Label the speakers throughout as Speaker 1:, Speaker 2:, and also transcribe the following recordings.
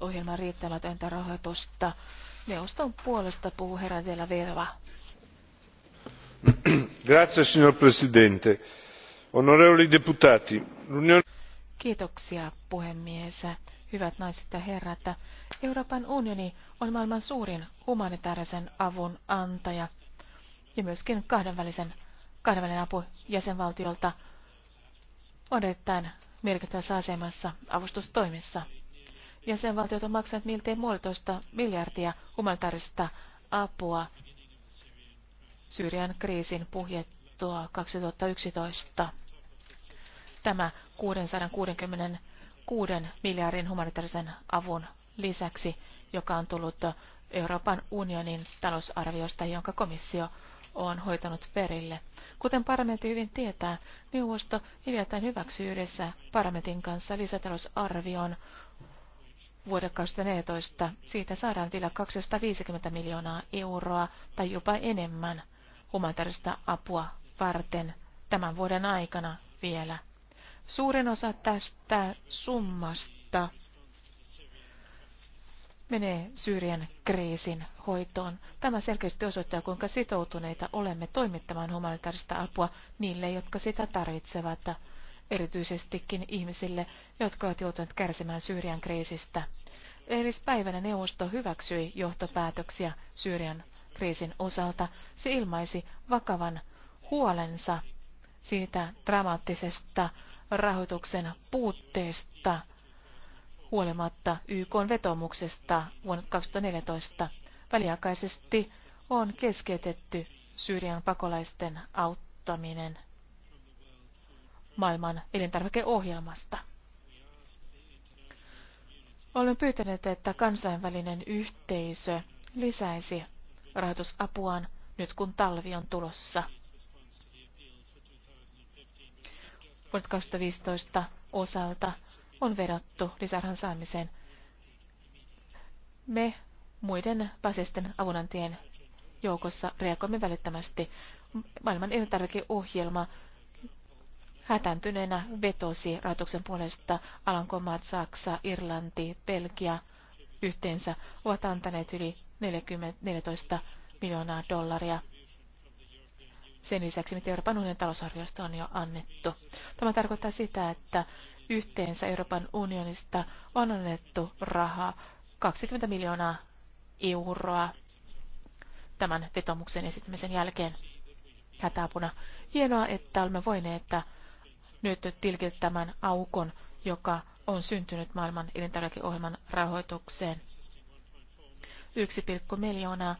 Speaker 1: ohjelman riittämätöntä rahoitusta. Neuvoston puolesta puhuu herra Della Vedova.
Speaker 2: Grazie, signor Presidente. Onorevoli
Speaker 3: deputati, l'Unione...
Speaker 1: Kiitoksia, puhemies. Hyvät naiset ja herrat, Euroopan unioni on maailman suurin humanitaarisen avun antaja ja myöskin kahdenvälisen, kahdenvälinen apu jäsenvaltiolta on erittäin merkittävässä asemassa avustustoimissa jäsenvaltiot ovat maksaneet miltei puolitoista miljardia humanitaarista apua Syyrian kriisin puhjettua 2011. Tämä 666 miljardin humanitaarisen avun lisäksi, joka on tullut Euroopan unionin talousarviosta, jonka komissio on hoitanut perille. Kuten parlamentti hyvin tietää, neuvosto hiljattain hyväksyi yhdessä parlamentin kanssa lisätalousarvion vuodelle 2014. Siitä saadaan vielä 250 miljoonaa euroa tai jopa enemmän humanitaarista apua varten tämän vuoden aikana vielä. Suurin osa tästä summasta menee Syyrian kriisin hoitoon. Tämä selkeästi osoittaa, kuinka sitoutuneita olemme toimittamaan humanitaarista apua niille, jotka sitä tarvitsevat erityisestikin ihmisille, jotka ovat joutuneet kärsimään Syyrian kriisistä. Eilispäivänä neuvosto hyväksyi johtopäätöksiä Syyrian kriisin osalta. Se ilmaisi vakavan huolensa siitä dramaattisesta rahoituksen puutteesta huolimatta YK vetomuksesta vuonna 2014. Väliaikaisesti on keskeytetty Syyrian pakolaisten auttaminen maailman elintarvikeohjelmasta. Olen pyytänyt, että kansainvälinen yhteisö lisäisi rahoitusapuaan nyt kun talvi on tulossa. Vuonna 2015 osalta on verrattu lisärahan saamiseen. Me muiden pääsisten avunantien joukossa reagoimme välittömästi. Maailman elintarvikeohjelma hätääntyneenä vetosi rahoituksen puolesta Alankomaat, Saksa, Irlanti, Belgia yhteensä ovat antaneet yli 40, 14 miljoonaa dollaria. Sen lisäksi, mitä Euroopan unionin talousarviosta on jo annettu. Tämä tarkoittaa sitä, että yhteensä Euroopan unionista on annettu rahaa 20 miljoonaa euroa tämän vetomuksen esittämisen jälkeen hätäapuna. Hienoa, että olemme voineet että nyt tilkitä tämän aukon, joka on syntynyt maailman elintarvikeohjelman rahoitukseen. 1,4 miljoonaa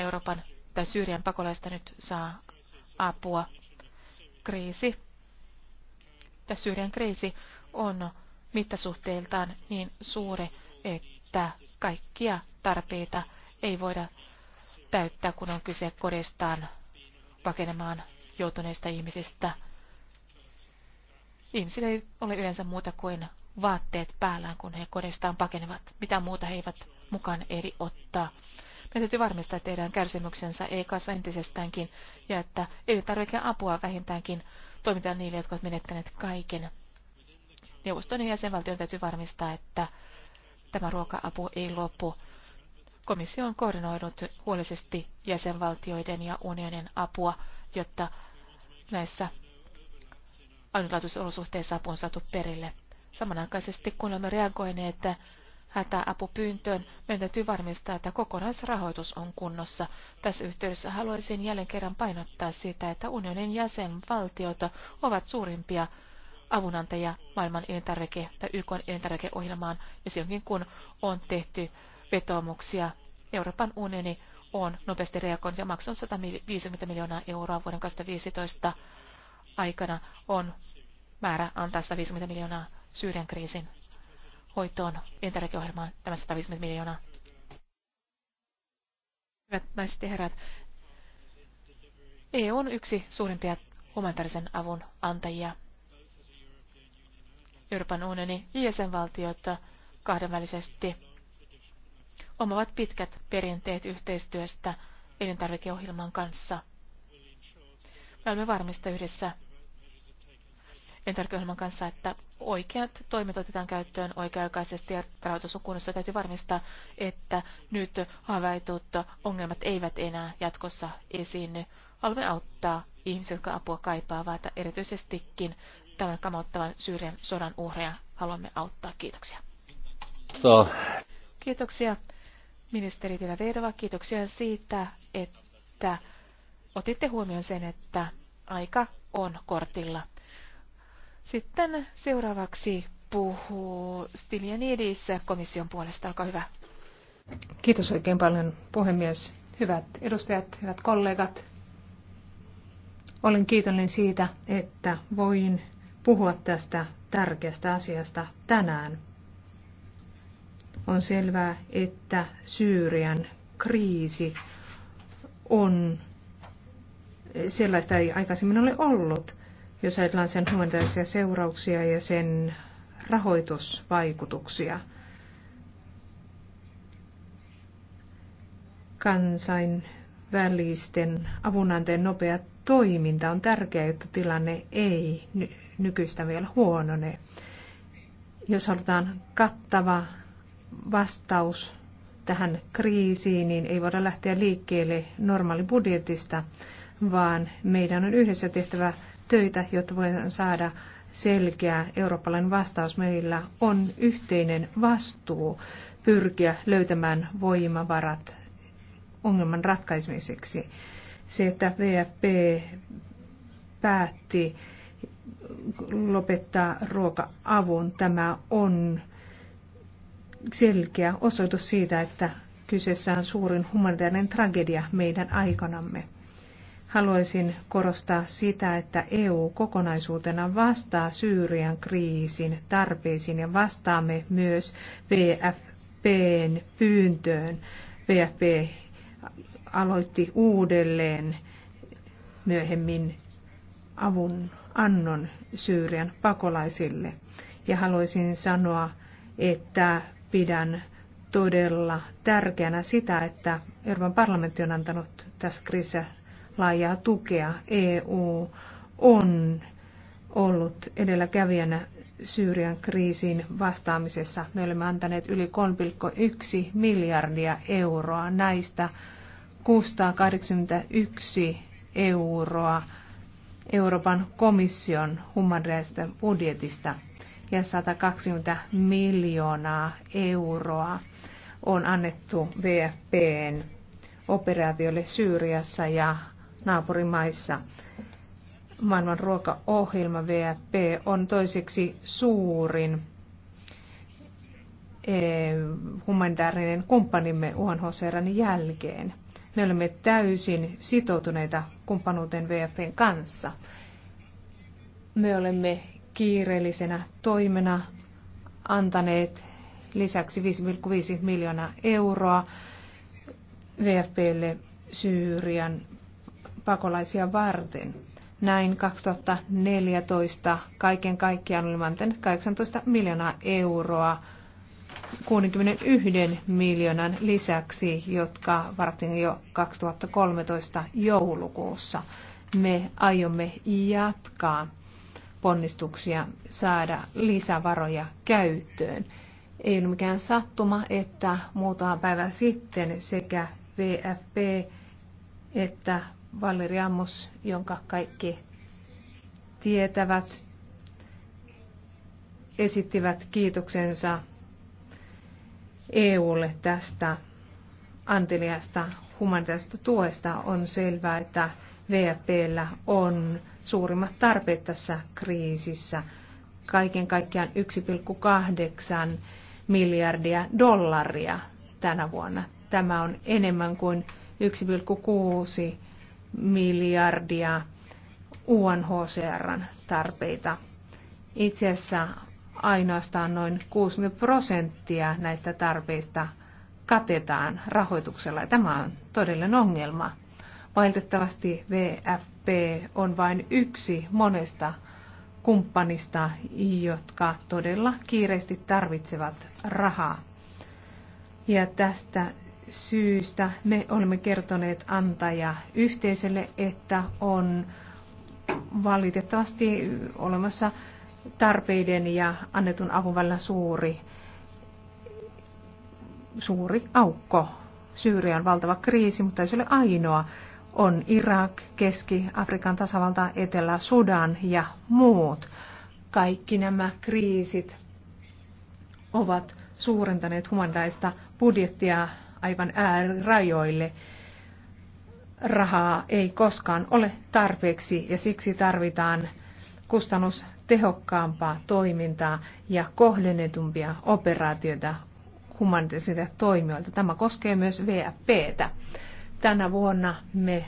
Speaker 1: Euroopan tai Syyrian pakolaista nyt saa apua. Kriisi, tämä Syyrian kriisi on mittasuhteiltaan niin suuri, että kaikkia tarpeita ei voida täyttää, kun on kyse kodistaan pakenemaan joutuneista ihmisistä – Ihmisillä ei ole yleensä muuta kuin vaatteet päällään, kun he kodestaan pakenevat. Mitä muuta he eivät mukaan eri ottaa. Meidän täytyy varmistaa, että teidän kärsimyksensä ei kasva entisestäänkin ja että elintarvikeapua vähintäänkin toimitaan niille, jotka ovat menettäneet kaiken. Neuvoston ja jäsenvaltion täytyy varmistaa, että tämä ruoka-apu ei lopu. Komissio on koordinoinut huolellisesti jäsenvaltioiden ja unionin apua, jotta näissä ainutlaatuisissa olosuhteissa apu on saatu perille. Samanaikaisesti kun olemme reagoineet hätäapupyyntöön, meidän täytyy varmistaa, että kokonaisrahoitus on kunnossa. Tässä yhteydessä haluaisin jälleen kerran painottaa sitä, että unionin jäsenvaltiot ovat suurimpia avunantajia maailman elintarvike- tai YK elintarvikeohjelmaan, ja silloinkin kun on tehty vetoomuksia, Euroopan unioni on nopeasti reagoinut ja maksanut 150 miljoonaa euroa vuoden 2015 aikana on määrä antaa 150 miljoonaa Syyrian kriisin hoitoon, interregio-ohjelmaan tämä 150 miljoonaa. Hyvät naiset ja herrat, EU on yksi suurimpia humanitaarisen avun antajia. Euroopan unioni ja jäsenvaltiot kahdenvälisesti omavat pitkät perinteet yhteistyöstä elintarvikeohjelman kanssa. Me olemme varmista yhdessä elintarvikeohjelman kanssa, että oikeat toimet otetaan käyttöön oikea-aikaisesti ja rahoitussukunnassa täytyy varmistaa, että nyt havaitut ongelmat eivät enää jatkossa esiinny. Haluamme auttaa ihmisiä, jotka apua kaipaavat, erityisestikin tämän kamottavan Syyrian sodan uhreja haluamme auttaa. Kiitoksia. So. Kiitoksia ministeri Vedova. Kiitoksia siitä, että otitte huomioon sen, että aika on kortilla. Sitten seuraavaksi puhuu Stilianidis
Speaker 4: komission puolesta. Olkaa hyvä. Kiitos oikein paljon puhemies. Hyvät edustajat, hyvät kollegat. Olen kiitollinen siitä, että voin puhua tästä tärkeästä asiasta tänään. On selvää, että Syyrian kriisi on sellaista ei aikaisemmin ole ollut jos ajatellaan sen humanitaarisia seurauksia ja sen rahoitusvaikutuksia. Kansainvälisten avunantajien nopea toiminta on tärkeää, jotta tilanne ei nykyistä vielä huonone. Jos halutaan kattava vastaus tähän kriisiin, niin ei voida lähteä liikkeelle normaalibudjetista, vaan meidän on yhdessä tehtävä töitä, jotta voidaan saada selkeä eurooppalainen vastaus. Meillä on yhteinen vastuu pyrkiä löytämään voimavarat ongelman ratkaisemiseksi. Se, että VFP päätti lopettaa ruoka-avun, tämä on selkeä osoitus siitä, että kyseessä on suurin humanitaarinen tragedia meidän aikanamme haluaisin korostaa sitä, että EU kokonaisuutena vastaa Syyrian kriisin tarpeisiin ja vastaamme myös VFPn pyyntöön. VFP aloitti uudelleen myöhemmin avun annon Syyrian pakolaisille. Ja haluaisin sanoa, että pidän todella tärkeänä sitä, että Euroopan parlamentti on antanut tässä kriisissä laajaa tukea. EU on ollut edelläkävijänä Syyrian kriisiin vastaamisessa. Me olemme antaneet yli 3,1 miljardia euroa, näistä 681 euroa Euroopan komission humanitaarisesta budjetista ja 120 miljoonaa euroa on annettu VFPn operaatiolle Syyriassa ja naapurimaissa. Maailman ruokaohjelma VFP on toiseksi suurin eh, humanitaarinen kumppanimme UNHCRn jälkeen. Me olemme täysin sitoutuneita kumppanuuteen VFPn kanssa. Me olemme kiireellisenä toimena antaneet lisäksi 5,5 miljoonaa euroa VFPlle Syyrian pakolaisia varten. Näin 2014 kaiken kaikkiaan oli 18 miljoonaa euroa 61 miljoonan lisäksi, jotka varattiin jo 2013 joulukuussa. Me aiomme jatkaa ponnistuksia saada lisävaroja käyttöön. Ei ole mikään sattuma, että muutama päivä sitten sekä VFP että Valeri Ammus, jonka kaikki tietävät, esittivät kiitoksensa EUlle tästä anteliasta humanitaarista tuesta. On selvää, että VFPllä on suurimmat tarpeet tässä kriisissä. Kaiken kaikkiaan 1,8 miljardia dollaria tänä vuonna. Tämä on enemmän kuin 1,6 miljardia UNHCRn tarpeita. Itse asiassa ainoastaan noin 60 prosenttia näistä tarpeista katetaan rahoituksella. Ja tämä on todellinen ongelma. Valitettavasti VFP on vain yksi monesta kumppanista, jotka todella kiireesti tarvitsevat rahaa. Ja tästä syystä me olemme kertoneet antaja yhteisölle, että on valitettavasti olemassa tarpeiden ja annetun avun välillä suuri, suuri aukko. Syyria on valtava kriisi, mutta ei se ole ainoa. On Irak, Keski-Afrikan tasavalta, Etelä-Sudan ja muut. Kaikki nämä kriisit ovat suurentaneet humanitaista budjettia aivan äärirajoille. Rahaa ei koskaan ole tarpeeksi ja siksi tarvitaan kustannustehokkaampaa toimintaa ja kohdennetumpia operaatioita humanitaarisilta toimijoilta. Tämä koskee myös VFPtä. Tänä vuonna me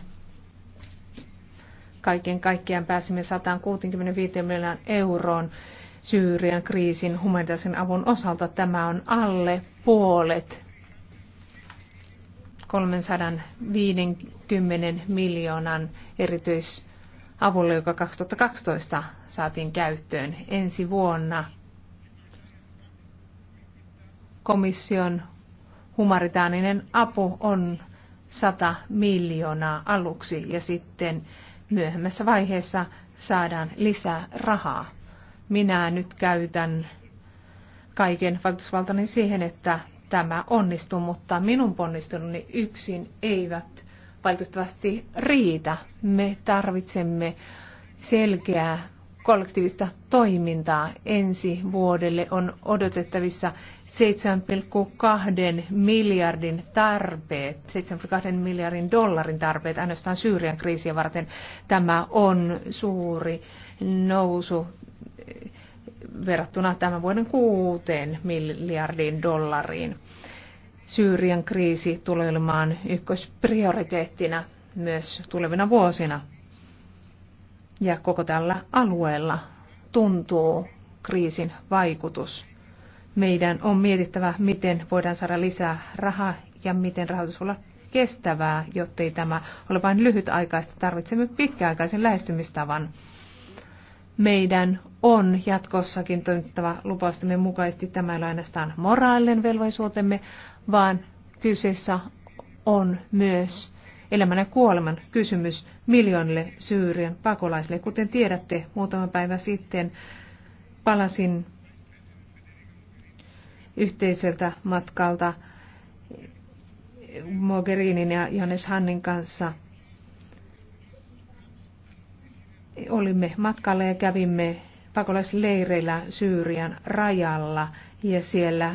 Speaker 4: kaiken kaikkiaan pääsimme 165 miljoonaan euroon Syyrian kriisin humanitaarisen avun osalta. Tämä on alle puolet 350 miljoonan erityisavulla, joka 2012 saatiin käyttöön. Ensi vuonna komission humanitaarinen apu on 100 miljoonaa aluksi ja sitten myöhemmässä vaiheessa saadaan lisää rahaa. Minä nyt käytän kaiken vaikutusvaltani siihen, että tämä onnistuu, mutta minun ponnisteluni yksin eivät valitettavasti riitä. Me tarvitsemme selkeää kollektiivista toimintaa. Ensi vuodelle on odotettavissa 7,2 miljardin tarpeet, 7,2 miljardin dollarin tarpeet ainoastaan Syyrian kriisiä varten. Tämä on suuri nousu verrattuna tämän vuoden kuuteen miljardiin dollariin. Syyrian kriisi tulee olemaan ykkösprioriteettina myös tulevina vuosina. Ja koko tällä alueella tuntuu kriisin vaikutus. Meidän on mietittävä, miten voidaan saada lisää rahaa ja miten rahoitus olla kestävää, jottei tämä ole vain lyhytaikaista. Tarvitsemme pitkäaikaisen lähestymistavan meidän on jatkossakin toimittava lupaustamme mukaisesti. Tämä ei ole ainoastaan moraalinen velvollisuutemme, vaan kyseessä on myös elämän ja kuoleman kysymys miljoonille syyrien pakolaisille. Kuten tiedätte, muutama päivä sitten palasin yhteiseltä matkalta Mogherinin ja Johannes Hannin kanssa – olimme matkalla ja kävimme pakolaisleireillä Syyrian rajalla ja siellä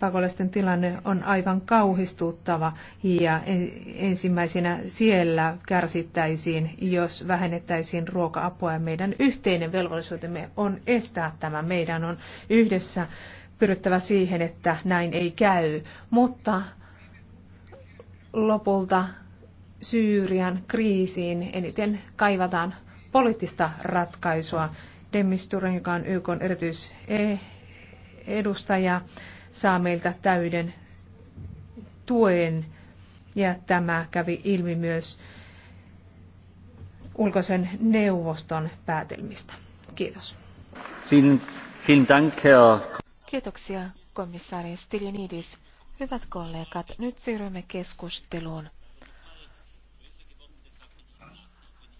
Speaker 4: pakolaisten tilanne on aivan kauhistuttava ja e, ensimmäisenä siellä kärsittäisiin, jos vähennettäisiin ruoka-apua ja meidän yhteinen velvollisuutemme on estää tämä. Meidän on yhdessä pyrittävä siihen, että näin ei käy, mutta lopulta Syyrian kriisiin eniten kaivataan poliittista ratkaisua. Turin, joka on YK erityisedustaja, saa meiltä täyden tuen. Ja tämä kävi ilmi myös ulkoisen neuvoston päätelmistä. Kiitos. Kiitoksia komissaari
Speaker 1: Stiljanidis. Hyvät kollegat, nyt siirrymme keskusteluun.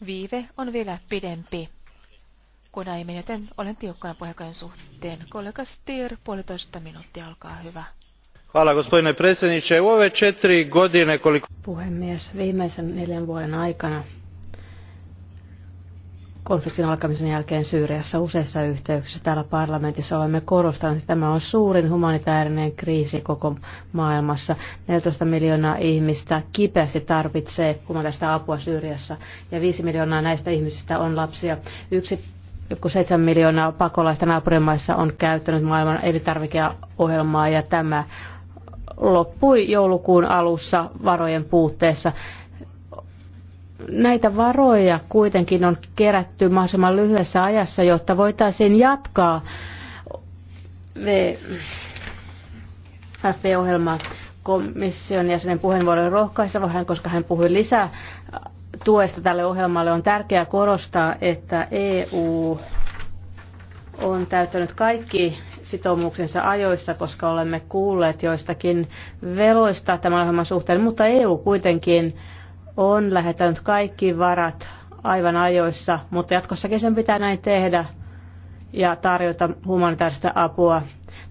Speaker 1: viive on vielä pidempi kuin aiemmin, joten olen tiukkana puheenjohtajan suhteen. Kollega Stier, puolitoista minuuttia, olkaa hyvä.
Speaker 3: Puhemies, viimeisen neljän vuoden aikana konfliktin alkamisen jälkeen Syyriassa useissa yhteyksissä täällä parlamentissa olemme korostaneet, että tämä on suurin humanitaarinen kriisi koko maailmassa. 14 miljoonaa ihmistä kipeästi tarvitsee humanitaarista apua Syyriassa ja 5 miljoonaa näistä ihmisistä on lapsia. Yksi 1,7 miljoonaa pakolaista naapurimaissa on käyttänyt maailman elintarvikeohjelmaa ja tämä loppui joulukuun alussa varojen puutteessa näitä varoja kuitenkin on kerätty mahdollisimman lyhyessä ajassa, jotta voitaisiin jatkaa FV-ohjelmaa komission jäsenen puheenvuoron rohkaiseva hän, koska hän puhui lisää tuesta tälle ohjelmalle. On tärkeää korostaa, että EU on täyttänyt kaikki sitoumuksensa ajoissa, koska olemme kuulleet joistakin veloista tämän ohjelman suhteen, mutta EU kuitenkin on lähettänyt kaikki varat aivan ajoissa, mutta jatkossakin sen pitää näin tehdä ja tarjota humanitaarista apua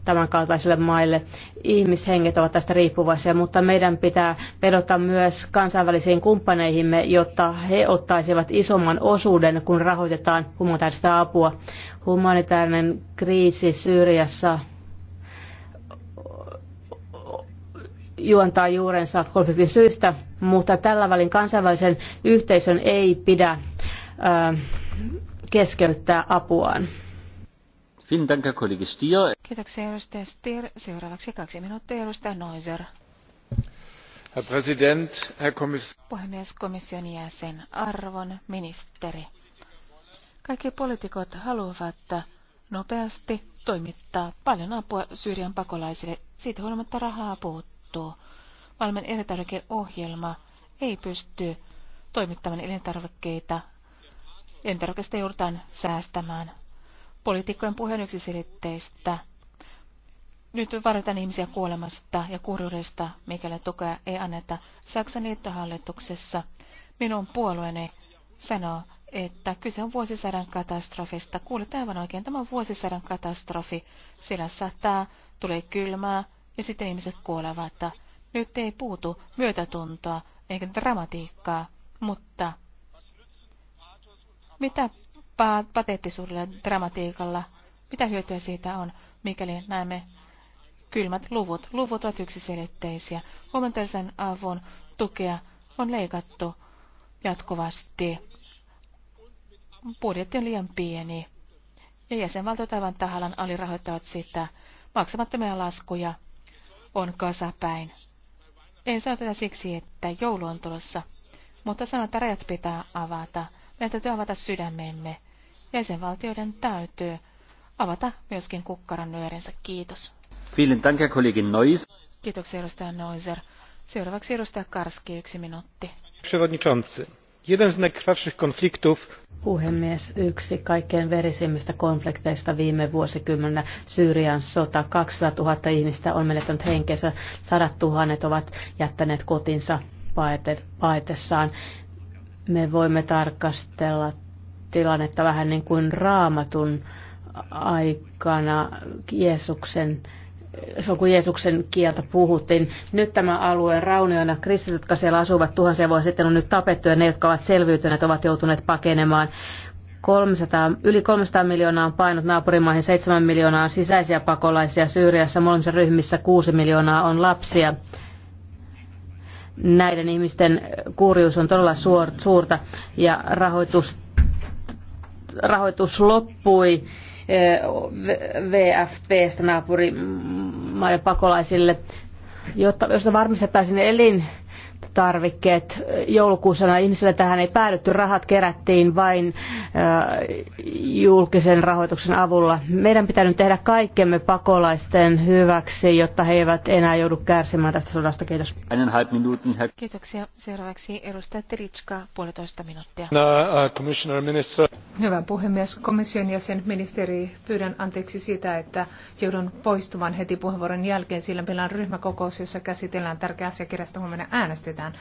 Speaker 3: tämänkaltaisille maille. Ihmishenget ovat tästä riippuvaisia, mutta meidän pitää vedota myös kansainvälisiin kumppaneihimme, jotta he ottaisivat isomman osuuden, kun rahoitetaan humanitaarista apua. Humanitaarinen kriisi Syyriassa juontaa juurensa konfliktin syistä, mutta tällä välin kansainvälisen yhteisön ei pidä keskeyttää apuaan.
Speaker 1: Kiitoksia edustaja Stier. Seuraavaksi kaksi minuuttia edustaja Noiser.
Speaker 2: Herr Präsident, Herr Kommissar.
Speaker 1: Puhemies, komission jäsen, arvon ministeri. Kaikki poliitikot haluavat nopeasti toimittaa paljon apua Syyrian pakolaisille. Siitä huolimatta rahaa puuttuu muuttuu. Maailman elintarvikeohjelma ei pysty toimittamaan elintarvikkeita. Elintarvikkeista joudutaan säästämään. Poliitikkojen puheen yksiselitteistä. Nyt varoitan ihmisiä kuolemasta ja kurjuudesta, mikäli tukea ei anneta. Saksan liittohallituksessa minun puolueeni sanoo, että kyse on vuosisadan katastrofista. Kuulet aivan oikein, tämä on vuosisadan katastrofi. Sillä sataa, tulee kylmää, ja sitten ihmiset kuolevat. Nyt ei puutu myötätuntoa eikä dramatiikkaa, mutta mitä pateettisuudella dramatiikalla, mitä hyötyä siitä on, mikäli näemme kylmät luvut. Luvut ovat yksiselitteisiä. Humanitaarisen avun tukea on leikattu jatkuvasti. Budjetti on liian pieni ja jäsenvaltiot aivan tahallaan alirahoittavat sitä maksamattomia laskuja on kasapäin. En sano tätä siksi, että joulu on tulossa, mutta sanon, että rajat pitää avata. Meidän täytyy avata sydämemme. Jäsenvaltioiden täytyy avata myöskin kukkaran nyörensä. Kiitos.
Speaker 2: Vielen kollegin
Speaker 1: Kiitoksia, edustaja Noiser. Seuraavaksi edustaja Karski, yksi minuutti.
Speaker 3: Przewodniczący Puhemies, yksi kaikkein verisimmistä konflikteista viime vuosikymmenellä Syyrian sota. 200 000 ihmistä on menettänyt henkensä, sadat tuhannet ovat jättäneet kotinsa paetessaan. Me voimme tarkastella tilannetta vähän niin kuin raamatun aikana Jeesuksen se on kuin Jeesuksen kieltä puhuttiin. Nyt tämä alueen raunioina kristityt, jotka siellä asuvat tuhansia vuosia sitten, on nyt tapettu ja ne, jotka ovat selviytyneet, ovat joutuneet pakenemaan. 300, yli 300 miljoonaa on painut naapurimaihin, 7 miljoonaa on sisäisiä pakolaisia Syyriassa, molemmissa ryhmissä 6 miljoonaa on lapsia. Näiden ihmisten kurjuus on todella suor, suurta ja rahoitus, rahoitus loppui Eh, VFPstä naapurimaiden pakolaisille, jotta, jossa varmistettaisiin elin tarvikkeet joulukuussa ihmisillä tähän ei päädytty. Rahat kerättiin vain julkisen rahoituksen avulla. Meidän pitää nyt tehdä kaikkemme pakolaisten hyväksi, jotta he eivät enää joudu kärsimään tästä sodasta. Kiitos.
Speaker 2: Kiitoksia. Seuraavaksi edustaja Teritska,
Speaker 4: puolitoista minuuttia. Uh, Hyvä puhemies, komission jäsen ministeri, pyydän anteeksi sitä, että joudun poistumaan heti puheenvuoron jälkeen, sillä meillä on ryhmäkokous, jossa käsitellään tärkeä asiakirjasta huomenna äänestä käytetään.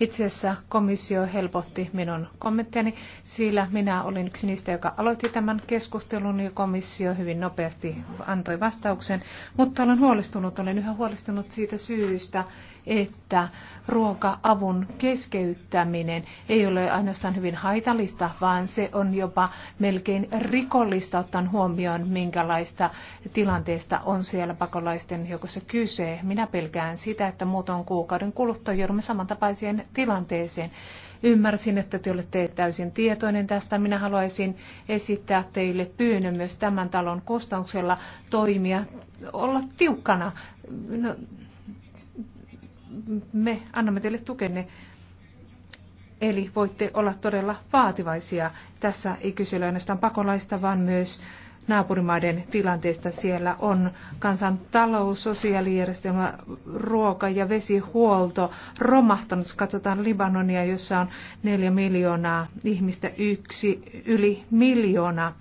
Speaker 4: Itse asiassa komissio helpotti minun kommenttiani, sillä minä olin yksi niistä, joka aloitti tämän keskustelun ja komissio hyvin nopeasti antoi vastauksen. Mutta olen huolestunut, olen yhä huolestunut siitä syystä, että ruoka-avun keskeyttäminen ei ole ainoastaan hyvin haitallista, vaan se on jopa melkein rikollista ottaen huomioon, minkälaista tilanteesta on siellä pakolaisten joukossa kyse. Minä pelkään sitä, että muutoin kuukauden kuluttua joudumme samaan samantapaiseen tilanteeseen. Ymmärsin, että te olette täysin tietoinen tästä. Minä haluaisin esittää teille pyynnön myös tämän talon kostauksella toimia, olla tiukkana. No, me annamme teille tukenne. Eli voitte olla todella vaativaisia. Tässä ei kyse ainoastaan pakolaista, vaan myös naapurimaiden tilanteesta. Siellä on kansantalous, sosiaalijärjestelmä, ruoka- ja vesihuolto romahtanut. Katsotaan Libanonia, jossa on neljä miljoonaa ihmistä, yksi yli miljoona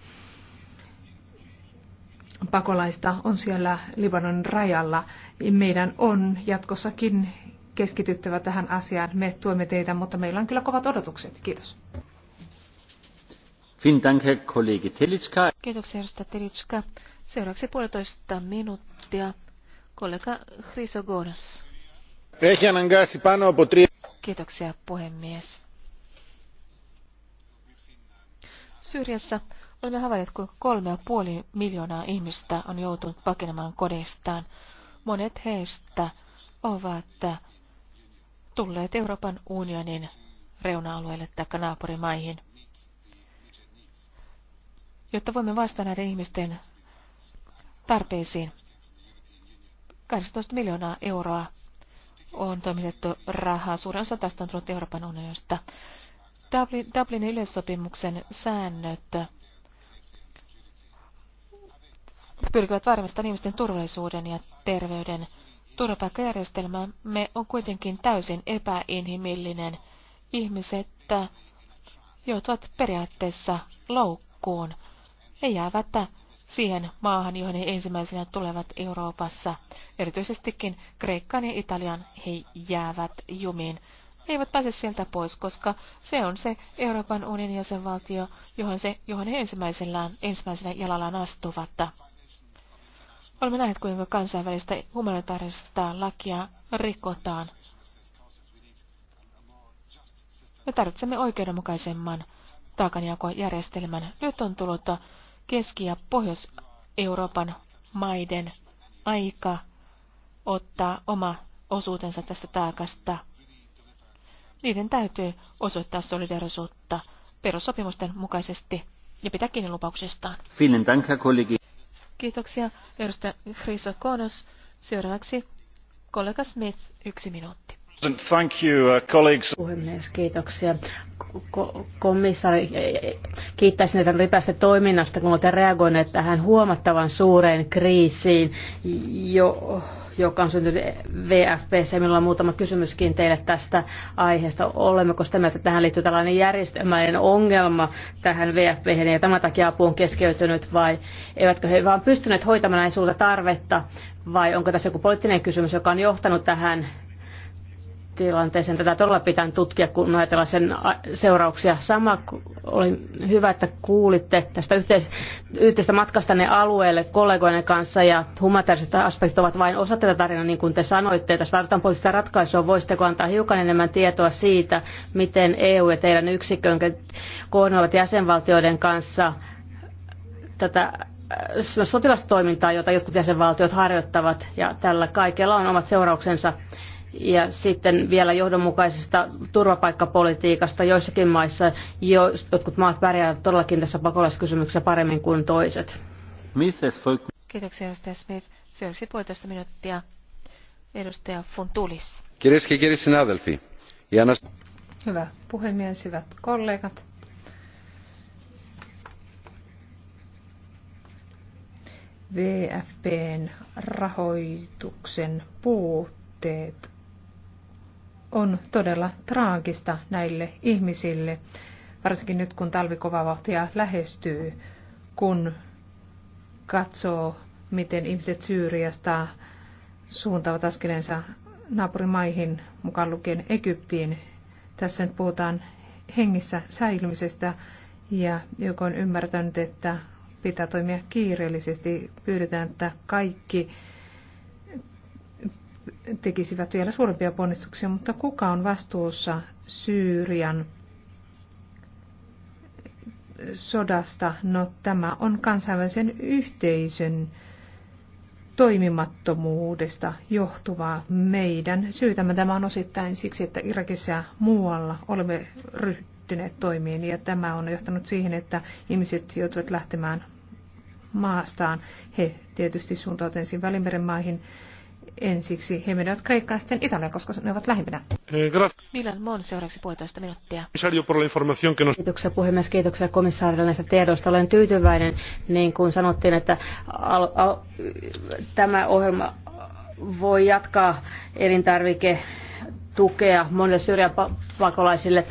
Speaker 4: pakolaista on siellä Libanonin rajalla. Meidän on jatkossakin keskityttävä tähän asiaan. Me tuemme teitä, mutta meillä on kyllä kovat odotukset. Kiitos.
Speaker 2: Kiitoksia,
Speaker 1: Herra Teritska. Seuraavaksi puolitoista minuuttia. Kollega Chrysogonos. Kiitoksia, puhemies. Syyriassa olemme havainneet, kuinka kolme ja puoli miljoonaa ihmistä on joutunut pakenemaan kodistaan. Monet heistä ovat tulleet Euroopan unionin reuna-alueille tai naapurimaihin jotta voimme vastata näiden ihmisten tarpeisiin. 18 miljoonaa euroa on toimitettu rahaa. Suurin osa tästä on tullut Euroopan unionista. Dublin, Dublinin yleissopimuksen säännöt pyrkivät varmistamaan ihmisten turvallisuuden ja terveyden. Turvapaikkajärjestelmämme on kuitenkin täysin epäinhimillinen. Ihmiset äh, joutuvat periaatteessa loukkuun he jäävät siihen maahan, johon he ensimmäisenä tulevat Euroopassa. Erityisestikin Kreikkaan ja Italian he jäävät jumiin. He eivät pääse sieltä pois, koska se on se Euroopan unionin jäsenvaltio, johon, se, johon he ensimmäisellään, ensimmäisellä jalallaan astuvat. Olemme nähneet, kuinka kansainvälistä humanitaarista lakia rikotaan. Me tarvitsemme oikeudenmukaisemman taakanjakojärjestelmän. Nyt on tullut Keski- ja Pohjois-Euroopan maiden aika ottaa oma osuutensa tästä taakasta. Niiden täytyy osoittaa solidarisuutta perussopimusten mukaisesti ja pitää kiinni lupauksestaan. Kiitoksia, edustaja Friso Konos. Seuraavaksi
Speaker 3: kollega Smith, yksi minuutti.
Speaker 2: Thank you, uh, colleagues.
Speaker 3: Puhemies, kiitoksia komissaari, e, e, kiittäisin teitä ripästä toiminnasta, kun olette reagoineet tähän huomattavan suureen kriisiin, jo, joka on syntynyt VFPC. Minulla on muutama kysymyskin teille tästä aiheesta. Olemmeko sitä mieltä, että tähän liittyy tällainen järjestelmällinen ongelma tähän VFP, ja tämän takia apu on keskeytynyt, vai eivätkö he vaan pystyneet hoitamaan näin suurta tarvetta, vai onko tässä joku poliittinen kysymys, joka on johtanut tähän tilanteeseen. Tätä todella pitää tutkia, kun ajatellaan sen seurauksia. Sama oli hyvä, että kuulitte tästä yhteistä matkasta ne alueelle kollegoiden kanssa ja humanitaariset aspektit ovat vain osa tätä tarinaa, niin kuin te sanoitte. Tästä tarvitaan poliittista ratkaisua. Voisitteko antaa hiukan enemmän tietoa siitä, miten EU ja teidän yksikön koordinoivat jäsenvaltioiden kanssa tätä äh, sotilastoimintaa, jota jotkut jäsenvaltiot harjoittavat, ja tällä kaikella on omat seurauksensa ja sitten vielä johdonmukaisesta turvapaikkapolitiikasta joissakin maissa, jo, jotkut maat pärjäävät todellakin tässä pakolaiskysymyksessä paremmin kuin toiset.
Speaker 1: Kiitoksia edustaja Smith. Seuraavaksi puolitoista minuuttia
Speaker 4: edustaja Funtulis.
Speaker 2: Κυρίες και κύριοι συνάδελφοι,
Speaker 4: Hyvä puhemies, hyvät kollegat. VFPn rahoituksen puutteet on todella traagista näille ihmisille, varsinkin nyt kun talvikovaa vauhtia lähestyy, kun katsoo, miten ihmiset Syyriasta suuntaavat askeleensa naapurimaihin, mukaan lukien Egyptiin. Tässä nyt puhutaan hengissä säilymisestä ja joku on ymmärtänyt, että pitää toimia kiireellisesti. Pyydetään, että kaikki tekisivät vielä suurempia ponnistuksia, mutta kuka on vastuussa Syyrian sodasta? No tämä on kansainvälisen yhteisön toimimattomuudesta johtuvaa meidän syytämme. Tämä on osittain siksi, että Irakissa ja muualla olemme ryhtyneet toimiin ja tämä on johtanut siihen, että ihmiset joutuvat lähtemään maastaan. He tietysti suuntautuvat ensin Välimeren maihin, ensiksi he menevät Kreikkaan sitten Italiaan, koska ne ovat lähimpänä. Eh, Milan
Speaker 3: Mon seuraavaksi puolitoista minuuttia. Kiitoksia puhemies, kiitoksia komissaarille näistä tiedoista. Olen tyytyväinen, niin kuin sanottiin, että al- al- tämä ohjelma voi jatkaa elintarvike tukea monille syrjäpakolaisille.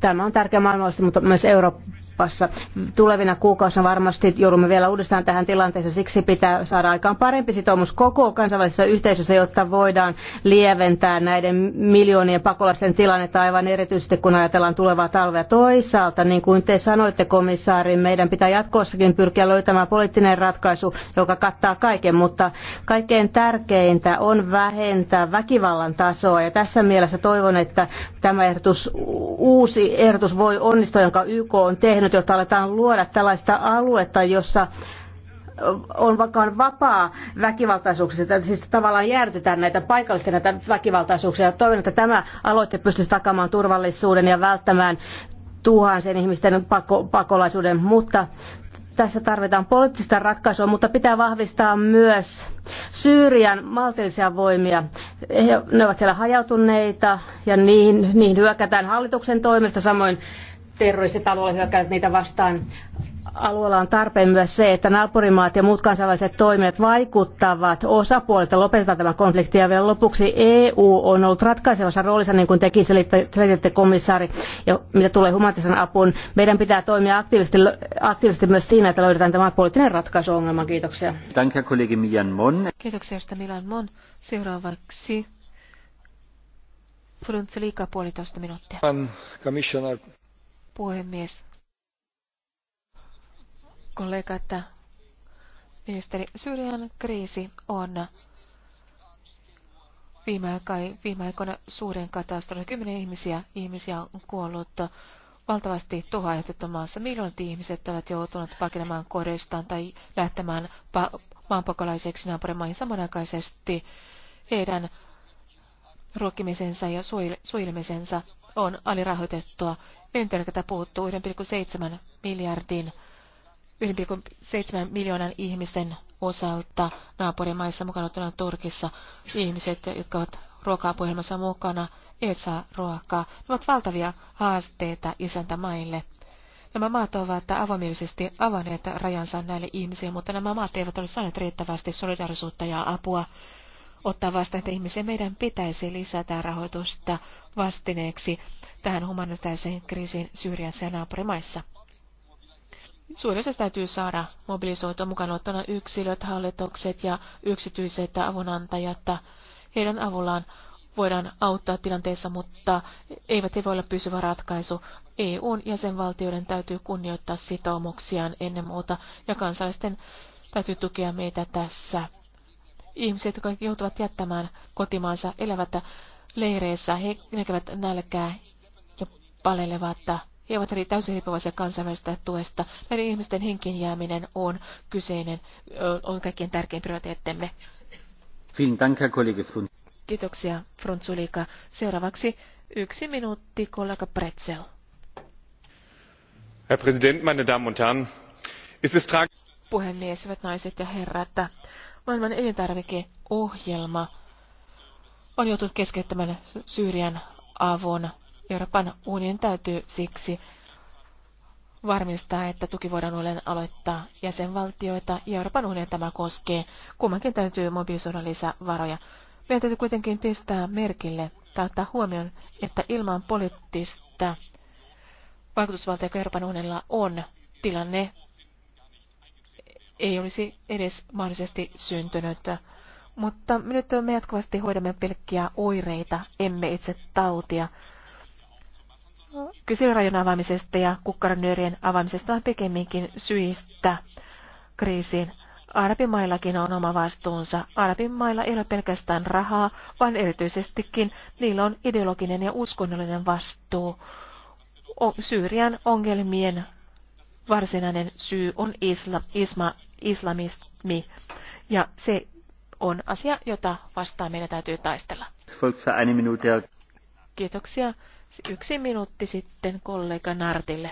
Speaker 3: Tämä on tärkeä maailmallisesti, mutta myös Euroopan Euroopassa. Tulevina kuukausina varmasti joudumme vielä uudestaan tähän tilanteeseen, siksi pitää saada aikaan parempi sitoumus koko kansainvälisessä yhteisössä, jotta voidaan lieventää näiden miljoonien pakolaisten tilannetta aivan erityisesti, kun ajatellaan tulevaa talvea. Toisaalta, niin kuin te sanoitte komissaari, meidän pitää jatkossakin pyrkiä löytämään poliittinen ratkaisu, joka kattaa kaiken, mutta kaikkein tärkeintä on vähentää väkivallan tasoa ja tässä mielessä toivon, että tämä ehdotus, uusi ehdotus voi onnistua, jonka YK on tehnyt tehnyt, jotta aletaan luoda tällaista aluetta, jossa on vakaan vapaa väkivaltaisuuksia, siis tavallaan jäädytetään näitä paikallisten näitä väkivaltaisuuksia. Toivon, että tämä aloite pystyisi takamaan turvallisuuden ja välttämään tuhansien ihmisten pako, pakolaisuuden, mutta tässä tarvitaan poliittista ratkaisua, mutta pitää vahvistaa myös Syyrian maltillisia voimia. He, ne ovat siellä hajautuneita ja niihin, niihin hyökätään hallituksen toimesta, samoin terroristit alueella hyökkäävät niitä vastaan. Alueella on tarpeen myös se, että naapurimaat ja muut kansalaiset toimijat vaikuttavat osapuolilta lopetetaan tämä konflikti. Ja vielä lopuksi EU on ollut ratkaisevassa roolissa, niin kuin teki selitte komissaari, ja mitä tulee humanitaarisen apuun. Meidän pitää toimia aktiivisesti, aktiivisesti myös siinä, että löydetään tämä poliittinen ratkaisu ongelmaan. Kiitoksia.
Speaker 2: Kiitoksia,
Speaker 1: Milan Mon. Seuraavaksi Frunzelika puolitoista minuuttia puhemies. Kollegat, ministeri, Syyrian kriisi on viime, viime aikoina suuren katastrofi. Kymmenen ihmisiä, ihmisiä on kuollut. Valtavasti tuhoajatettu maassa. Miljoonat ihmiset ovat joutuneet pakenemaan kodeistaan tai lähtemään pa- maanpakolaiseksi naapurimaihin samanaikaisesti. Heidän ruokkimisensa ja suojel- suojelemisensa on alirahoitettua. Lentelkätä puuttuu 1,7 miljardin 1,7 miljoonan ihmisen osalta naapurimaissa mukana ottuna Turkissa ihmiset, jotka ovat ruokapuhelmassa mukana, eivät saa ruokaa. Ne ovat valtavia haasteita isäntämaille. Nämä maat ovat avomielisesti avanneet rajansa näille ihmisille, mutta nämä maat eivät ole saaneet riittävästi solidarisuutta ja apua ottaa vastaan että ihmisiä. Meidän pitäisi lisätä rahoitusta vastineeksi tähän humanitaariseen kriisiin Syyriassa ja naapurimaissa. Suurissa täytyy saada mobilisoitua mukaan ottana yksilöt, hallitukset ja yksityiset avunantajat. Heidän avullaan voidaan auttaa tilanteessa, mutta eivät he voi olla pysyvä ratkaisu. EUn jäsenvaltioiden täytyy kunnioittaa sitoumuksiaan ennen muuta ja kansalaisten täytyy tukea meitä tässä ihmiset, jotka joutuvat jättämään kotimaansa, elävät leireissä, he näkevät nälkää ja palelevat. He ovat täysin riippuvaisia kansainvälisestä tuesta. Näiden ihmisten henkin jääminen on kyseinen, on kaikkien tärkein prioriteettemme. Kiitoksia, Frontsulika. Seuraavaksi yksi minuutti, kollega Pretzel.
Speaker 2: Herr Präsident, meine Damen und Herren! Ist es tragisch?
Speaker 1: puhemies, hyvät naiset ja herrat. Maailman elintarvikeohjelma on joutunut keskeyttämään Syyrian avun. Euroopan unionin täytyy siksi varmistaa, että tuki voidaan uudelleen aloittaa jäsenvaltioita ja Euroopan unionin tämä koskee. Kummankin täytyy mobilisoida lisää varoja. Meidän täytyy kuitenkin pistää merkille tai ottaa huomioon, että ilman poliittista vaikutusvaltaa, joka Euroopan unionilla on, tilanne ei olisi edes mahdollisesti syntynyt. Mutta nyt me jatkuvasti hoidamme pelkkiä oireita, emme itse tautia. Kyselyrajan avaamisesta ja kukkaranöörien avaamisesta on pikemminkin syistä kriisiin. Arabimaillakin on oma vastuunsa. Arabimailla ei ole pelkästään rahaa, vaan erityisestikin niillä on ideologinen ja uskonnollinen vastuu. Syyrian ongelmien varsinainen syy on isla, isma, islamismi. Ja se on asia, jota vastaan meidän täytyy taistella. Kiitoksia. Yksi minuutti sitten
Speaker 4: kollega Nartille.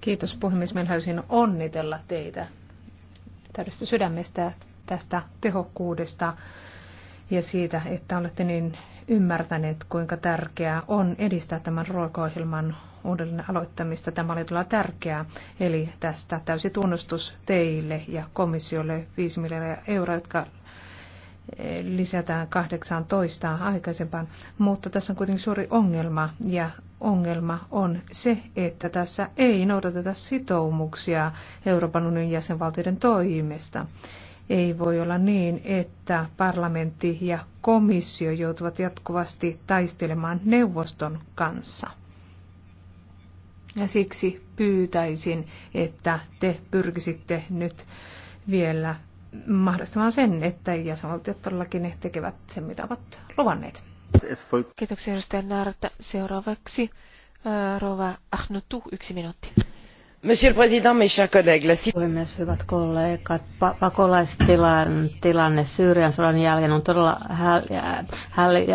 Speaker 4: Kiitos puhemies. Minä haluaisin onnitella teitä täydestä sydämestä tästä tehokkuudesta ja siitä, että olette niin ymmärtäneet, kuinka tärkeää on edistää tämän ruokaohjelman uudelleen aloittamista. Tämä oli todella tärkeää, eli tästä täysi tunnustus teille ja komissiolle 5 miljoonaa euroa, jotka eh, lisätään 18 aikaisempaan, mutta tässä on kuitenkin suuri ongelma ja ongelma on se, että tässä ei noudateta sitoumuksia Euroopan unionin jäsenvaltioiden toimista. Ei voi olla niin, että parlamentti ja komissio joutuvat jatkuvasti taistelemaan neuvoston kanssa. Ja siksi pyytäisin, että te pyrkisitte nyt vielä mahdollistamaan sen, että jäsenvaltiot todellakin ne tekevät sen, mitä ovat luvanneet. Kiitoksia edustaja Naarta. Seuraavaksi äh,
Speaker 1: Rova Ahnutu, yksi minuutti.
Speaker 3: Monsieur le Président, mes chers collègues, la... Puhemies, hyvät kollegat, pa- pakolaistilanne Syyrian sodan jälkeen on todella häl-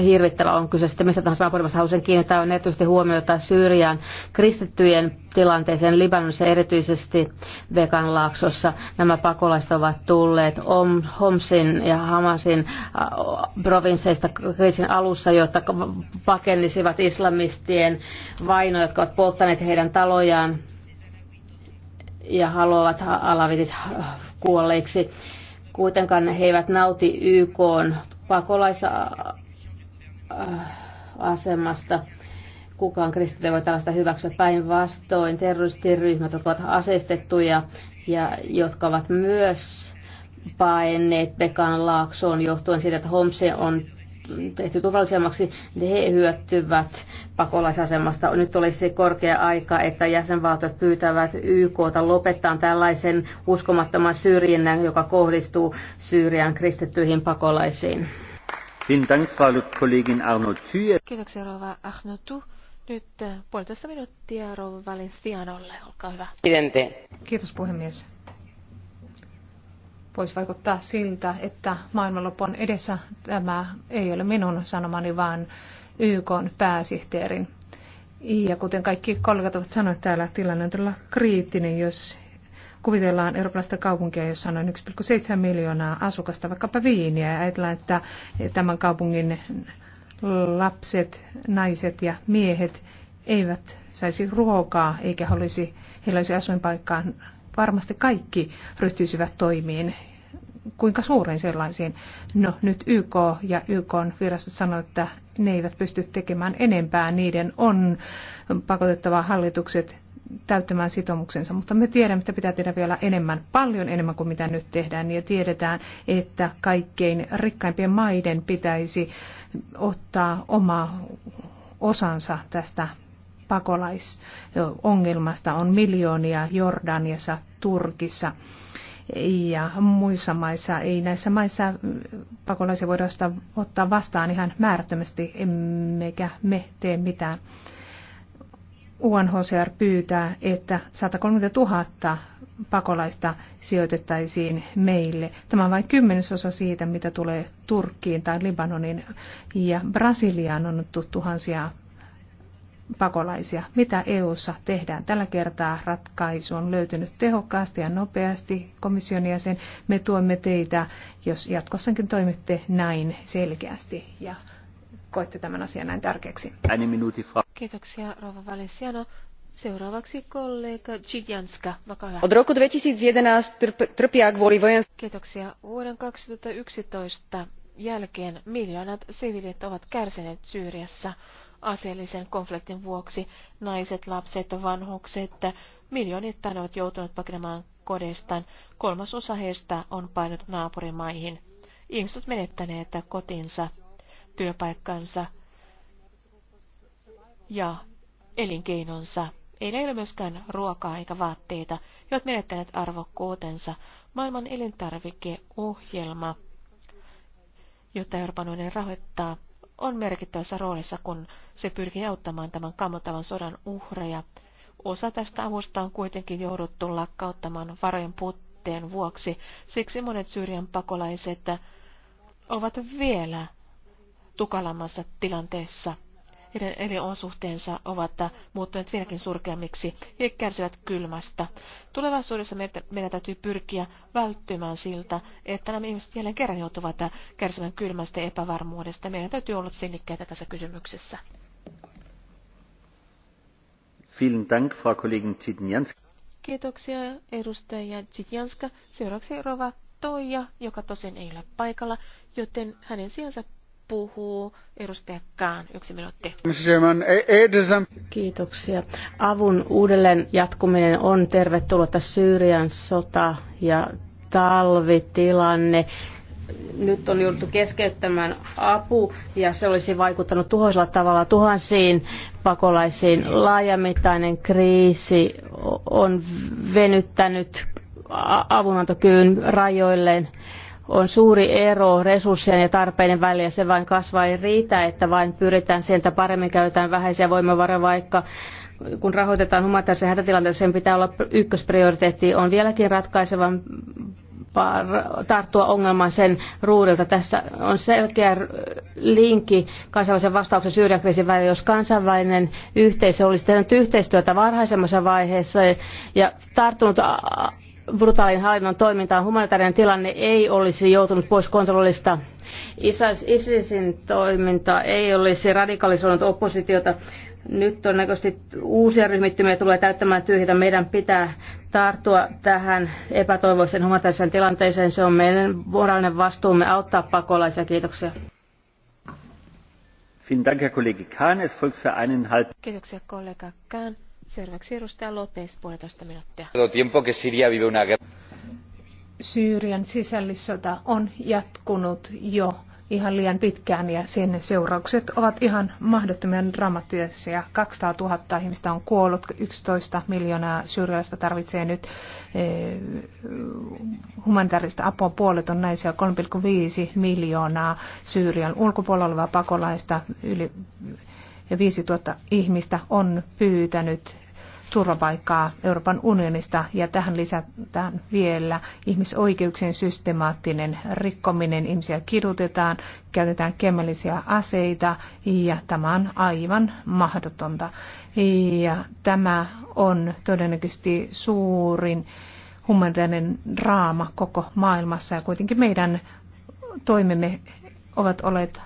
Speaker 3: hirvittävä on kyse sitten mistä tahansa naapurimaassa. Haluaisin kiinnittää erityisesti huomiota Syyrian kristittyjen tilanteeseen Libanonissa erityisesti vekanlaaksossa Nämä pakolaiset ovat tulleet Homsin ja Hamasin äh, provinsseista kriisin alussa, jotta pakennisivat islamistien vainoja, jotka ovat polttaneet heidän talojaan ja haluavat alavitit kuolleiksi. Kuitenkaan he eivät nauti YK pakolaisasemasta äh, kukaan kristitty voi tällaista hyväksyä. Päinvastoin terroristiryhmät, ovat aseistettuja ja jotka ovat myös paenneet Pekan laaksoon johtuen siitä, että Homse on tehty turvallisemmaksi, he hyötyvät pakolaisasemasta. Nyt olisi korkea aika, että jäsenvaltiot pyytävät YKta lopettaa tällaisen uskomattoman syrjinnän, joka kohdistuu Syyrian kristittyihin pakolaisiin. Kiitoksia, Rova Ahnotu.
Speaker 1: Nyt äh, puolitoista minuuttia Rouva Valencianolle, olkaa hyvä.
Speaker 4: Kiitos puhemies. Voisi vaikuttaa siltä, että maailmanlopun on edessä. Tämä ei ole minun sanomani, vaan YK pääsihteerin. Ja kuten kaikki kollegat ovat sanoneet täällä, tilanne on todella kriittinen, jos kuvitellaan eurooppalaista kaupunkia, jossa on noin 1,7 miljoonaa asukasta, vaikkapa Viiniä, ja ajatellaan, että tämän kaupungin lapset, naiset ja miehet eivät saisi ruokaa eikä olisi, heillä olisi asuinpaikkaa. Varmasti kaikki ryhtyisivät toimiin. Kuinka suuriin sellaisiin? No nyt YK ja YK virastot sanoivat, että ne eivät pysty tekemään enempää. Niiden on pakotettava hallitukset täyttämään sitoumuksensa, mutta me tiedämme, että pitää tehdä vielä enemmän, paljon enemmän kuin mitä nyt tehdään, ja tiedetään, että kaikkein rikkaimpien maiden pitäisi ottaa oma osansa tästä pakolaisongelmasta. On miljoonia Jordaniassa, Turkissa ja muissa maissa. Ei näissä maissa pakolaisia voida ottaa vastaan ihan määrättömästi, emmekä me tee mitään UNHCR pyytää, että 130 000 pakolaista sijoitettaisiin meille. Tämä on vain kymmenesosa siitä, mitä tulee Turkkiin tai Libanonin ja Brasiliaan on annettu tuhansia pakolaisia. Mitä EU:ssa tehdään tällä kertaa? Ratkaisu on löytynyt tehokkaasti ja nopeasti komission jäsen. Me tuemme teitä, jos jatkossakin toimitte näin selkeästi ja koitte tämän asian näin tärkeäksi.
Speaker 1: Kiitoksia, Rova Valenciano. Seuraavaksi kollega Chigjanska, olkaa hyvä. Od roku 2011 trpia kvôli vojensk... Kiitoksia. Vuoden 2011 jälkeen miljoonat siviilit ovat kärsineet Syyriassa aseellisen konfliktin vuoksi. Naiset, lapset, vanhukset, miljoonittain ovat joutuneet pakenemaan kodeistaan. Kolmas osa heistä on painut naapurimaihin. Ihmiset menettäneet kotinsa työpaikkansa ja elinkeinonsa. Ei näillä myöskään ruokaa eikä vaatteita, jotka menettäneet arvokkuutensa. Maailman elintarvikeohjelma, jota Euroopan unioni rahoittaa, on merkittävässä roolissa, kun se pyrkii auttamaan tämän kammottavan sodan uhreja. Osa tästä avusta on kuitenkin jouduttu lakkauttamaan varojen puutteen vuoksi, siksi monet Syyrian pakolaiset ovat vielä tukalammassa tilanteessa. Heidän suhteensa ovat muuttuneet vieläkin surkeammiksi he kärsivät kylmästä. Tulevaisuudessa meidän täytyy pyrkiä välttymään siltä, että nämä ihmiset jälleen kerran joutuvat kärsimään kylmästä ja epävarmuudesta. Meidän täytyy olla sinnikkäitä tässä kysymyksessä.
Speaker 2: Vielen Dank, Frau Kollegin
Speaker 1: Kiitoksia, edustaja Zidjanska. Seuraavaksi Rova Toija, joka tosin ei ole paikalla, joten hänen sijansa puhuu edustaja Kaan. Yksi minuutti.
Speaker 3: E- Kiitoksia. Avun uudelleen jatkuminen on tervetullutta Syyrian sota ja talvitilanne nyt on jouduttu keskeyttämään apu ja se olisi vaikuttanut tuhoisella tavalla tuhansiin pakolaisiin. Laajamittainen kriisi on venyttänyt avunantokyyn rajoilleen on suuri ero resurssien ja tarpeiden välillä. Se vain kasvaa ei riitä, että vain pyritään sieltä paremmin käytetään vähäisiä voimavaroja, vaikka kun rahoitetaan humanitaarisen hätätilanteen, sen pitää olla ykkösprioriteetti. On vieläkin ratkaisevan tarttua ongelmaan sen ruudilta. Tässä on selkeä linkki kansainvälisen vastauksen syyriakriisin välillä. Jos kansainvälinen yhteisö olisi tehnyt yhteistyötä varhaisemmassa vaiheessa ja tarttunut brutaalin hallinnon toimintaan humanitaarinen tilanne ei olisi joutunut pois kontrollista. ISISin toiminta ei olisi radikalisoinut oppositiota. Nyt todennäköisesti uusia ryhmittymiä tulee täyttämään tyhjitä. Meidän pitää tarttua tähän epätoivoisen humanitaariseen tilanteeseen. Se on meidän moraalinen vastuumme auttaa pakolaisia. Kiitoksia.
Speaker 1: Kiitoksia kollega Kahn. Seuraavaksi edustaja puolitoista minuuttia.
Speaker 4: Syyrian sisällissota on jatkunut jo ihan liian pitkään ja sen seuraukset ovat ihan mahdottoman dramaattisia. 200 000 ihmistä on kuollut, 11 miljoonaa syyrialaista tarvitsee nyt eh, humanitaarista apua, puolet on naisia, 3,5 miljoonaa Syyrian ulkopuolella olevaa pakolaista, yli 5000 ihmistä on pyytänyt turvapaikkaa Euroopan unionista ja tähän lisätään vielä ihmisoikeuksien systemaattinen rikkominen. Ihmisiä kidutetaan, käytetään kemmellisiä aseita ja tämä on aivan mahdotonta. Ja tämä on todennäköisesti suurin humanitaarinen draama koko maailmassa ja kuitenkin meidän toimemme ovat olleet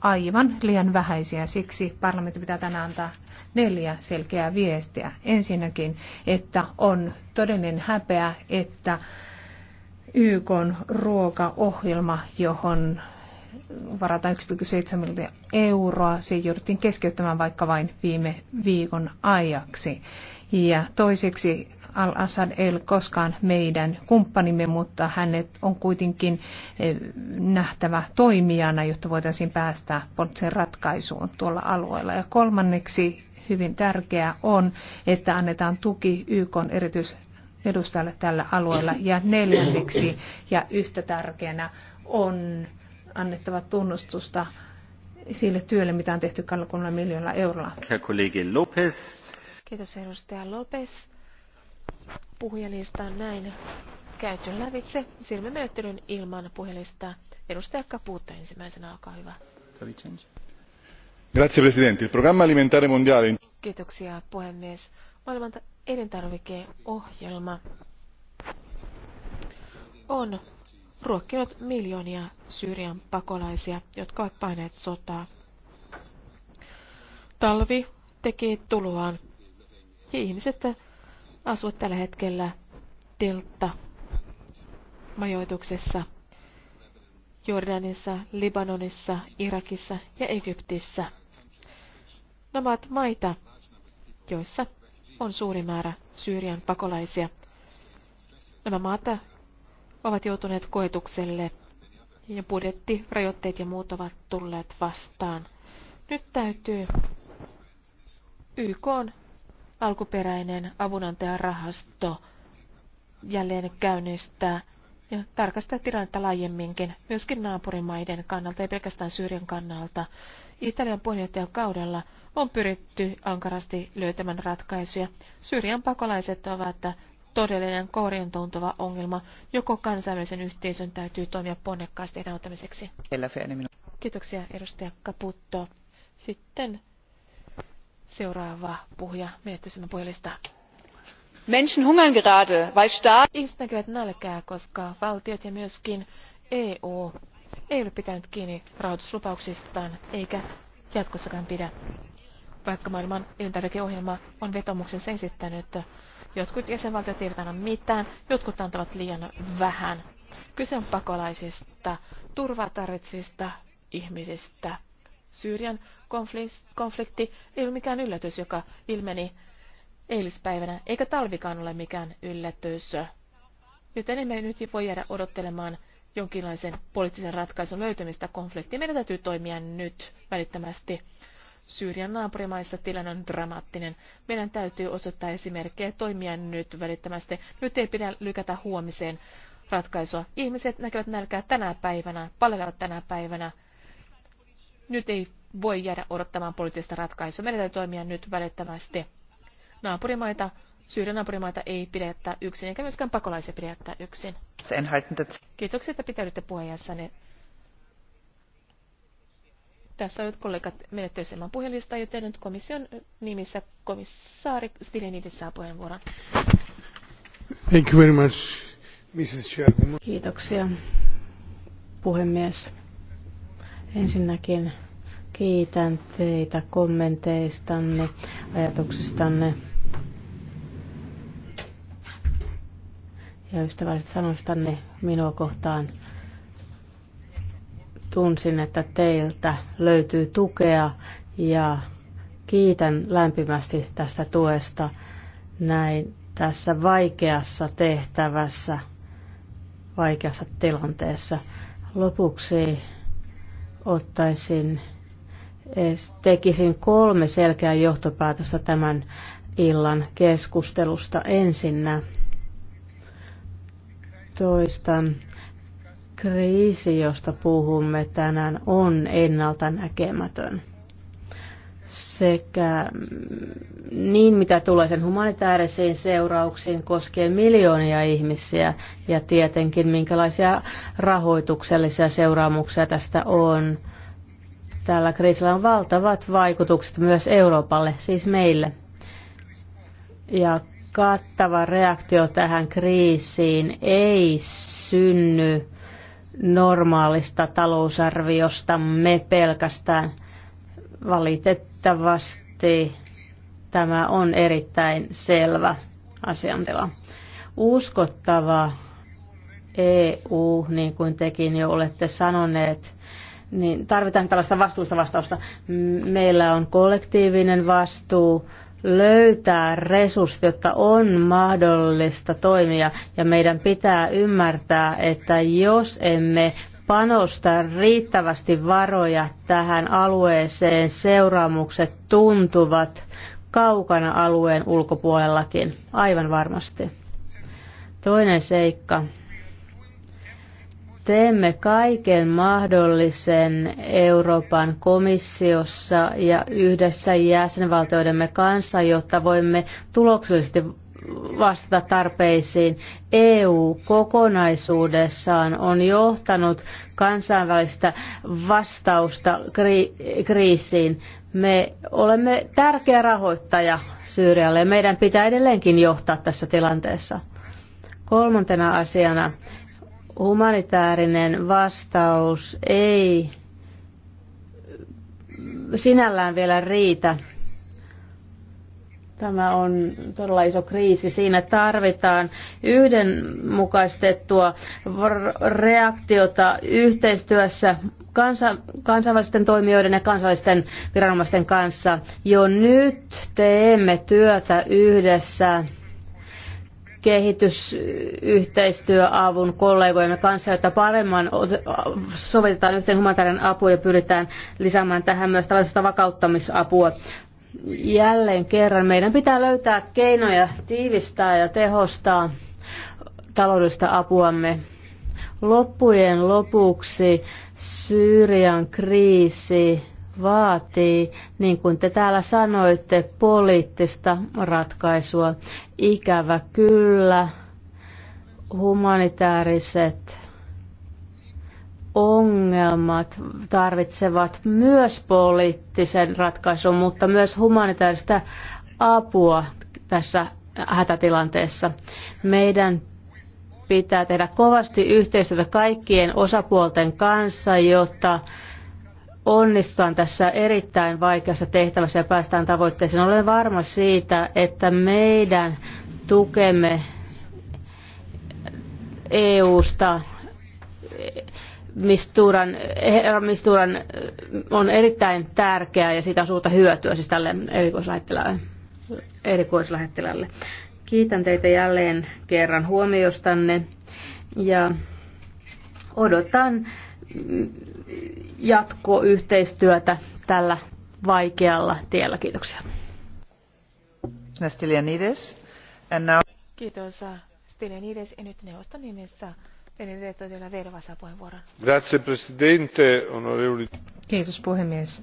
Speaker 4: aivan liian vähäisiä. Siksi parlamentti pitää tänään antaa neljä selkeää viestiä. Ensinnäkin, että on todellinen häpeä, että YK ruokaohjelma, johon varataan 1,7 miljoonaa euroa, se jouduttiin keskeyttämään vaikka vain viime viikon ajaksi. Ja toiseksi Al-Assad ei ole koskaan meidän kumppanimme, mutta hänet on kuitenkin eh, nähtävä toimijana, jotta voitaisiin päästä poliittiseen ratkaisuun tuolla alueella. Ja kolmanneksi hyvin tärkeää on, että annetaan tuki YK erityisedustajalle tällä alueella. Ja neljänneksi ja yhtä tärkeänä on annettava tunnustusta sille työlle, mitä on tehty 20 miljoonalla eurolla.
Speaker 2: Lopez.
Speaker 1: Kiitos edustaja Lopez. Puhujalista on näin käyty lävitse. Siirrymme ilman puhelista. Edustaja Kapuutto ensimmäisenä, olkaa hyvä
Speaker 2: arvoisa puhemies
Speaker 1: Kiitoksia puhemies. Maailman elintarvikeohjelma on ruokkinut miljoonia Syyrian pakolaisia, jotka ovat paenneet sotaa. Talvi teki tuloaan. Ihmiset asuvat tällä hetkellä teltta majoituksessa. Jordanissa, Libanonissa, Irakissa ja Egyptissä. Nämä ovat maita, joissa on suuri määrä Syyrian pakolaisia. Nämä maat ovat joutuneet koetukselle ja budjetti, rajoitteet ja muut ovat tulleet vastaan. Nyt täytyy YK on alkuperäinen avunantajarahasto jälleen käynnistää ja tarkastaa tilannetta laajemminkin, myöskin naapurimaiden kannalta, ei pelkästään Syyrian kannalta. Italian kaudella on pyritty ankarasti löytämään ratkaisuja. Syyrian pakolaiset ovat todellinen kourien tuntuva ongelma. Joko kansainvälisen yhteisön täytyy toimia ponnekkaasti heidän auttamiseksi. Kiitoksia edustaja Caputto. Sitten seuraava puhuja menettysemän puhelista.
Speaker 3: Menschen hungern gerade,
Speaker 1: weil staaten. Ihmiset näkevät nälkää, koska valtiot ja myöskin EU ei ole pitänyt kiinni rahoituslupauksistaan, eikä jatkossakaan pidä. Vaikka maailman elintarvikeohjelma on vetomuksen esittänyt, jotkut jäsenvaltiot eivät anna mitään, jotkut antavat liian vähän. Kyse on pakolaisista, turvatarvitsista ihmisistä. Syyrian konflikti ei ole mikään yllätys, joka ilmeni eilispäivänä, eikä talvikaan ole mikään yllätys. Joten emme nyt voi jäädä odottelemaan jonkinlaisen poliittisen ratkaisun löytymistä konfliktiin. Meidän täytyy toimia nyt välittömästi. Syyrian naapurimaissa tilanne on dramaattinen. Meidän täytyy osoittaa esimerkkejä toimia nyt välittömästi. Nyt ei pidä lykätä huomiseen ratkaisua. Ihmiset näkevät nälkää tänä päivänä, palelevat tänä päivänä. Nyt ei voi jäädä odottamaan poliittista ratkaisua. Meidän täytyy toimia nyt välittömästi naapurimaita, Syyrian naapurimaita ei pidettä yksin, eikä myöskään pakolaisia pidettä yksin. Kiitoksia, että pitäydytte puheenjohtajanne. Tässä olet kollegat menettelyssä ilman puhelista, joten nyt komission nimissä komissaari Stilenidis saa puheenvuoron.
Speaker 2: Thank you very much, Mrs.
Speaker 3: Chairman. Kiitoksia, puhemies. Ensinnäkin kiitän teitä kommenteistanne, ajatuksistanne ja ystävälliset sanoistanne minua kohtaan. Tunsin, että teiltä löytyy tukea ja kiitän lämpimästi tästä tuesta näin tässä vaikeassa tehtävässä, vaikeassa tilanteessa. Lopuksi ottaisin, tekisin kolme selkeää johtopäätöstä tämän illan keskustelusta ensinnä. Toista kriisi, josta puhumme tänään, on ennalta näkemätön. Sekä mm, niin, mitä tulee sen humanitaarisiin seurauksiin koskien miljoonia ihmisiä ja tietenkin minkälaisia rahoituksellisia seuraamuksia tästä on. Tällä kriisillä on valtavat vaikutukset myös Euroopalle, siis meille. Ja kattava reaktio tähän kriisiin ei synny normaalista talousarviostamme pelkästään. Valitettavasti tämä on erittäin selvä asiantila. Uskottava EU, niin kuin tekin jo olette sanoneet, niin tarvitaan tällaista vastuusta vastausta. Meillä on kollektiivinen vastuu löytää resurssit, jotta on mahdollista toimia. Ja meidän pitää ymmärtää, että jos emme panosta riittävästi varoja tähän alueeseen, seuraamukset tuntuvat kaukana alueen ulkopuolellakin, aivan varmasti. Toinen seikka, teemme kaiken mahdollisen Euroopan komissiossa ja yhdessä jäsenvaltioidemme kanssa, jotta voimme tuloksellisesti vastata tarpeisiin. EU kokonaisuudessaan on johtanut kansainvälistä vastausta kri- kriisiin. Me olemme tärkeä rahoittaja Syyrialle ja meidän pitää edelleenkin johtaa tässä tilanteessa. Kolmantena asiana Humanitaarinen vastaus ei sinällään vielä riitä. Tämä on todella iso kriisi. Siinä tarvitaan yhdenmukaistettua reaktiota yhteistyössä kansa- kansainvälisten toimijoiden ja kansallisten viranomaisten kanssa. Jo nyt teemme työtä yhdessä kehitysyhteistyöavun kollegojemme kanssa, jotta paremmin sovitetaan yhteen humanitaarinen apu ja pyritään lisäämään tähän myös tällaista vakauttamisapua. Jälleen kerran meidän pitää löytää keinoja tiivistää ja tehostaa taloudellista apuamme. Loppujen lopuksi Syyrian kriisi vaatii, niin kuin te täällä sanoitte, poliittista ratkaisua. Ikävä kyllä, humanitaariset ongelmat tarvitsevat myös poliittisen ratkaisun, mutta myös humanitaarista apua tässä hätätilanteessa. Meidän pitää tehdä kovasti yhteistyötä kaikkien osapuolten kanssa, jotta onnistutaan tässä erittäin vaikeassa tehtävässä ja päästään tavoitteeseen. Olen varma siitä, että meidän tukemme EU-sta Misturan, herra Misturan on erittäin tärkeää ja siitä on suurta hyötyä siis tälle erikoislähettilälle. Kiitän teitä jälleen kerran huomiostanne ja odotan Jatko yhteistyötä tällä vaikealla tiellä. Kiitoksia.
Speaker 1: Kiitos. Äh, Stylianides ja nyt neuvoston nimessä Benedetto della Vedova saa puheenvuoron.
Speaker 2: Grazie presidente, onorevoli.
Speaker 4: Kiitos puhemies.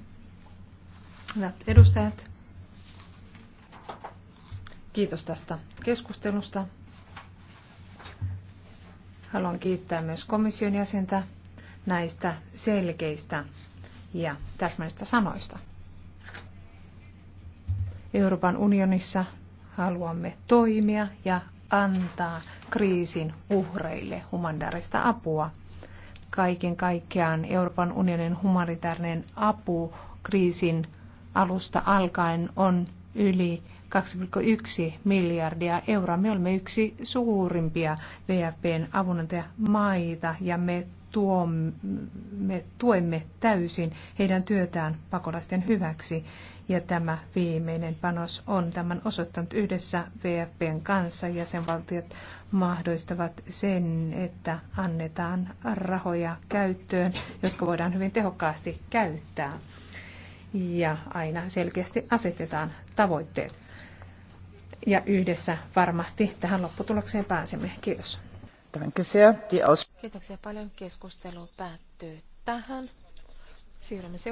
Speaker 4: Hyvät edustajat, kiitos tästä keskustelusta. Haluan kiittää myös komission jäsentä näistä selkeistä ja täsmällisistä sanoista. Euroopan unionissa haluamme toimia ja antaa kriisin uhreille humanitaarista apua. Kaiken kaikkiaan Euroopan unionin humanitaarinen apu kriisin alusta alkaen on yli 2,1 miljardia euroa. Me olemme yksi suurimpia VFPn avunantajamaita ja me tuomme, tuemme täysin heidän työtään pakolaisten hyväksi. Ja tämä viimeinen panos on tämän osoittanut yhdessä VFPn kanssa. Jäsenvaltiot mahdollistavat sen, että annetaan rahoja käyttöön, jotka voidaan hyvin tehokkaasti käyttää. Ja aina selkeästi asetetaan tavoitteet. Ja yhdessä varmasti tähän lopputulokseen pääsemme. Kiitos.
Speaker 1: Kiitoksia paljon. Keskustelu päättyy tähän. Siirrymme seuraavaan.